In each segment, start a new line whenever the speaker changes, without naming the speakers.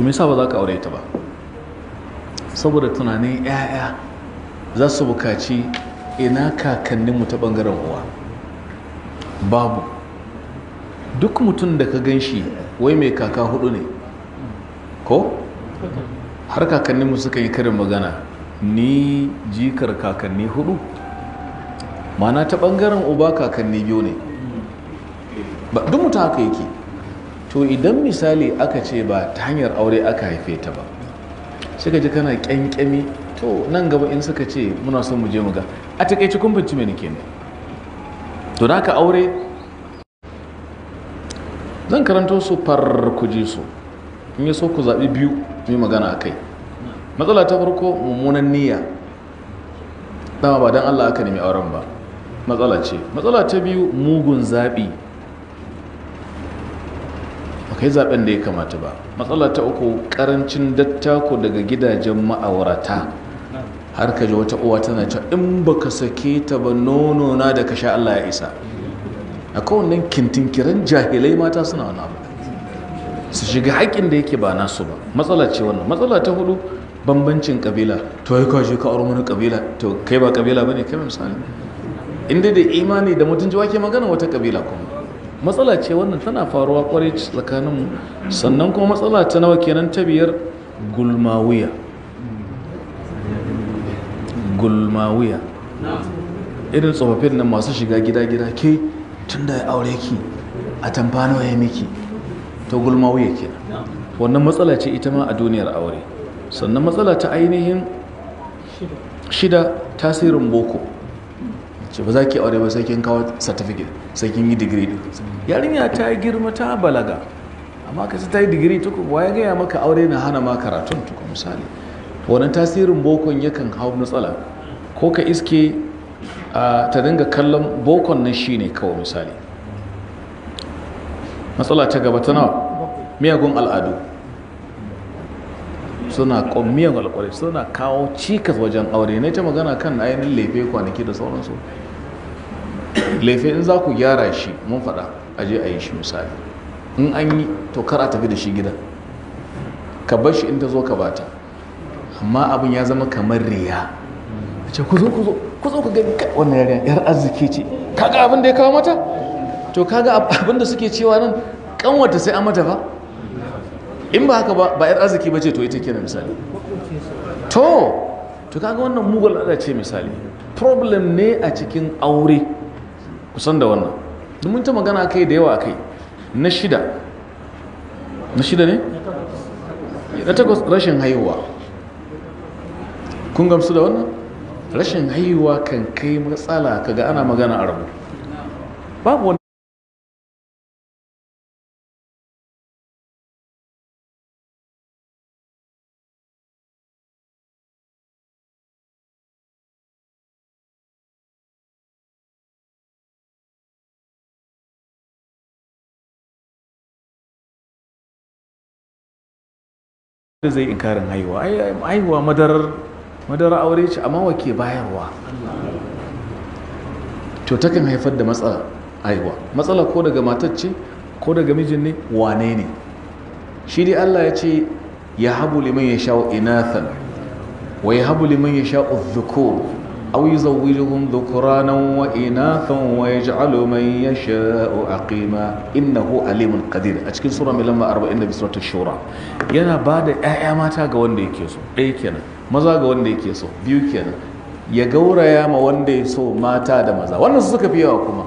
to me ba za ka aure ta ba saboda tunanin 'ya'ya za su bukaci ina kakanninmu ta ɓangaren uwa babu duk mutum da ka gan shi wai mai kaka hudu ne ko har kakanninmu suka yi karin magana ni jikar kakanni hudu mana ta ɓangaren uba kakanni biyu ne ba duk mutum haka yake to idan misali aka ce ba ta hanyar aure aka haife ta ba suka ji kana kyankyami to nan gaba in suka ce muna son mu je mu ga a takaici kun bincike mai nake ne to ka aure zan karanto su far ku ji su in yi so ku zaɓi biyu mai magana a kai matsala ta farko mummunan niyya dama ba don allah aka nemi auren ba matsala ce matsala ta biyu mugun zaɓi kai zaben da ya kamata ba matsala ta uku karancin dattako daga gidajen ma'aurata har ka ji wata uwa tana cewa in ba ka sake ta ba nono na da ka sha Allah ya isa a kowannan kintinkiran jahilai mata suna wani abu su shiga haƙin da yake ba nasu ba matsala ce wannan matsala ta hudu bambancin kabila to ai kwaje ka aure wani kabila to kai ba kabila bane kai misali inda da imani da mutunci wake magana wata kabila kuma matsala ce wannan tana faruwa kwarai tsakaninmu sannan kuma matsala ta nawa kenan ta biyar gulmawuya. gulmawuya irin tsofaffin nan masu shiga gida-gida ke tun da ya aure ki a tamfano ya miki ta gulmawuya kenan wannan matsala ce ita ma a duniyar aure sannan matsala ta ainihin shida tasirin boko ce ba za ki aure ba sai kin kawo certificate sai kin yi yarinya ta girma ta balaga amma ka ta yi digiri tuku wa ya gaya maka aure na hana ma karatun tuku misali wannan tasirin bokon yakan hau matsala ko ka iske ta dinga kallon bokon nan shine kawai misali matsala ta gaba ta nawa miyagun al'adu suna miyagun al'adu suna kawo cikas wajen aure ne ta magana kan ainihin lefe kwanaki da sauransu laifi in za ku gyara shi mun faɗa a je a yi shi misali in an yi to kar a tafi da shi gida ka bar shi in ta zo ka bata amma abin ya zama kamar riya a ce ku zo ku zo ku zo ku gani wannan yarinya yar arziki ce kaga abin da ya kawo mata to kaga abin da suke cewa nan kanwata sai an mata ba in ba haka ba ba yar arziki ba ce to ita kenan misali to to kaga wannan mugun ala ce misali problem ne a cikin aure kusan da wannan domin ta magana kai da yawa kai na shida na shida ne? na takwas rashin haihuwa kun gamsu da wannan? rashin haihuwa kan kai matsala kaga ana magana a rabu babu da zai inkarin haihuwa haihuwa madarar aure ce amma wa ke bayarwa to takan haifar da matsala haihuwa matsala ko daga matar ko daga mijin ne wane ne shi dai Allah ya ce ya habu liman ya sha'u inathan wa ya habu liman ya sha'u zukuru أو يزوجهم ذكرانا وإناثا ويجعل من يشاء أقيما إنه عليم قدير أتكين سورة من لما أربعين بسورة الشورى ينا بعد أعيا ماتا قوان دي كيسو أي كينا مزا قوان دي كيسو بيو كينا يغور يا ما دي سو ما تاد مزا وانا سسكا فيها وكما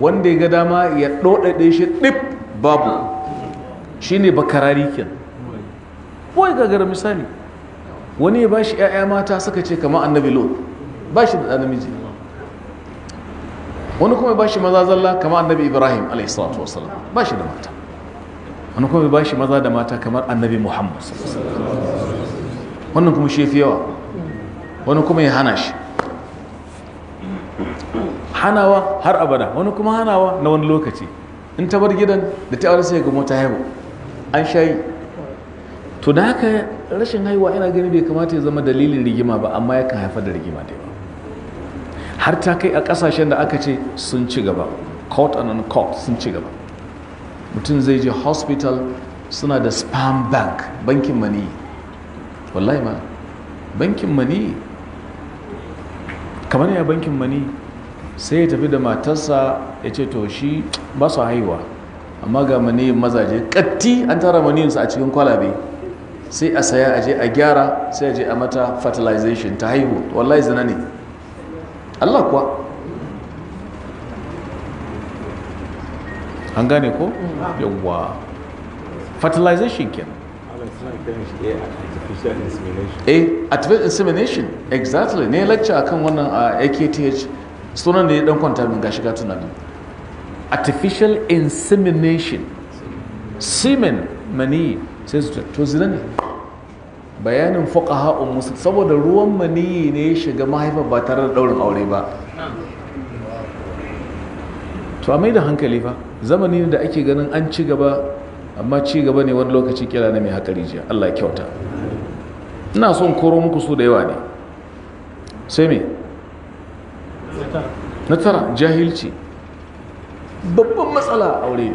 وان دي قداما يتلوت دي شي تلب بابو شيني بكراري كينا وي غير مثالي وني باش bashi 'ya'ya mata suka ce kama annabi ba shi da namiji wani kuma ba shi maza zalla kamar annabi ibrahim alaihissalatu ba shi da mata wani kuma ba shi maza da mata kamar annabi muhammad wannan kuma shi fi yawa wani kuma ya hana shi hanawa har abada wani kuma hanawa na wani lokaci in ta bar gidan da ta aure sai ga mota haihu an shayi to da haka rashin haihuwa yana gani bai kamata ya zama dalilin rigima ba amma yakan haifar da rigima da har ta kai a kasashen da aka ce sun ci gaba court and court sun ci gaba mutum zai je hospital suna da spam bank bankin mani wallahi ma bankin mani kamar ya bankin mani sai ya tafi da matarsa ya ce to shi ba su haihuwa amma ga mani mazaje katti an tara maniyinsu a cikin kwalabe sai a saya aje a gyara sai aje a mata fertilization ta haihu wallahi zina ne Allah kuwa an gane ko mm. yawwa fertilization ken eh artificial insemination exactly ne lecture akan wannan a AKTH sunan da ya dan kwanta min gashi ga tunanin artificial insemination semen mani sai su to zina ne bayanin ha'un musu saboda ruwan maniyi ne ya shiga mahaifa ba tare da daurin aure ba to a mai da hankali ba. zamani da ake ganin an ci gaba amma ci gaba ne wani lokaci kira na mai haƙari jiya Allah kyauta ina son koro muku su da yawa ne sai me na tara jahilci babban matsala aure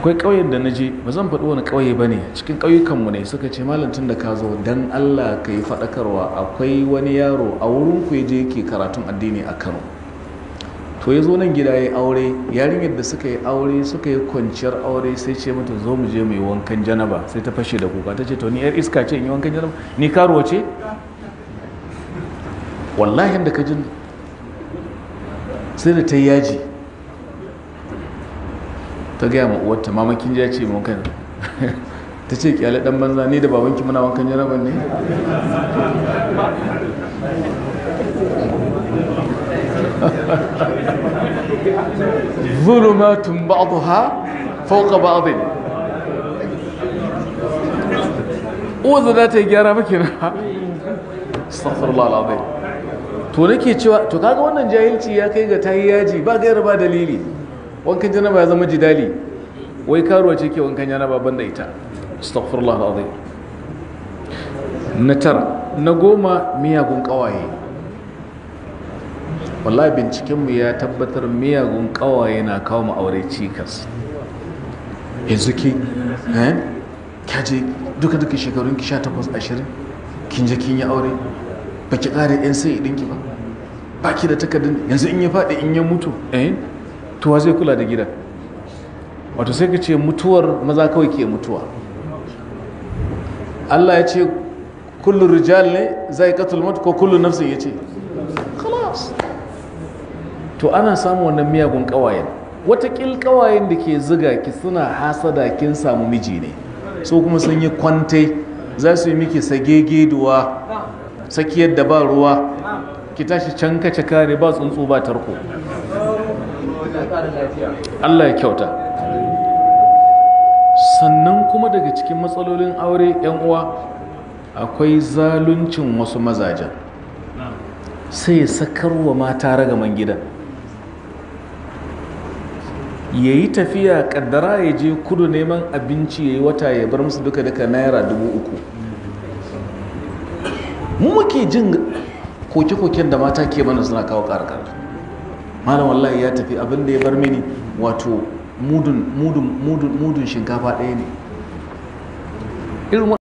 akwai ƙauyen da na je ba zan faɗi wani ƙauye ba ne cikin ƙauyukanmu ne suka ce malantun da ka zo don allah ka yi faɗakarwa akwai wani yaro a wurin ku je yake karatun addini a kano to ya zo nan gida ya yi aure yarinyar da suka yi aure suka yi kwanciyar aure sai ce mata zo mu je mai wankan janaba sai ta fashe da kuka ta ce to ni yar iska ce in yi wankan janaba ni karuwa ce wallahi da ka jin sai da ta yi yaji ta gaya ma uwarta mamakin ya ce mun kan ta ce kyale dan banza ni da babanki muna wankan jaraban ne zulumatun ba'daha fawqa ba'din uwa za ta yi gyara maki na astaghfirullah alazim to nake cewa to kaga wannan jahilci ya kai ga tahiyaji ba gaira ba dalili wankan janaba ya zama jidali wai karuwa ce ke wankan janaba banda ita astaghfirullah alazim na tara na goma miyagun kawaye wallahi bincikenmu ya tabbatar miyagun kawaye na kawo ma'aure aure cikas yanzu ki eh kaje duka duka shekarun ki 18 20 kin je kin yi aure baki kare yan sai dinki ba baki da takardun yanzu in ya faɗi in ya mutu eh tuwa zai kula da gidan wato sai ka ce mutuwar maza kawai ke mutuwa Allah ya ce kullu rijal ne zai katul mutu ko kullu nafsin ya ce khalas to ana samu wannan miyagun kawayen watakil kawayen da ke ziga ki suna hasada kin samu miji ne so kuma sun yi kwantai za su yi miki duwa sakiyar da ba ruwa ki tashi can kace kare ba tsuntsu ba tarko Allah ya kyauta sannan kuma daga cikin matsalolin aure yan uwa akwai zaluncin wasu mazajen sai sakar wa mata ragaman gidan ya yi tafiya ƙaddara ya je kudu neman abinci ya yi wata ya bar musu duka duka naira dubu uku mu muke jin koke-koken da mata ke mana suna kawo ƙarƙar. malam wallahi ya tafi abin da ya bar mini wato mudun shinkafa ɗaya ne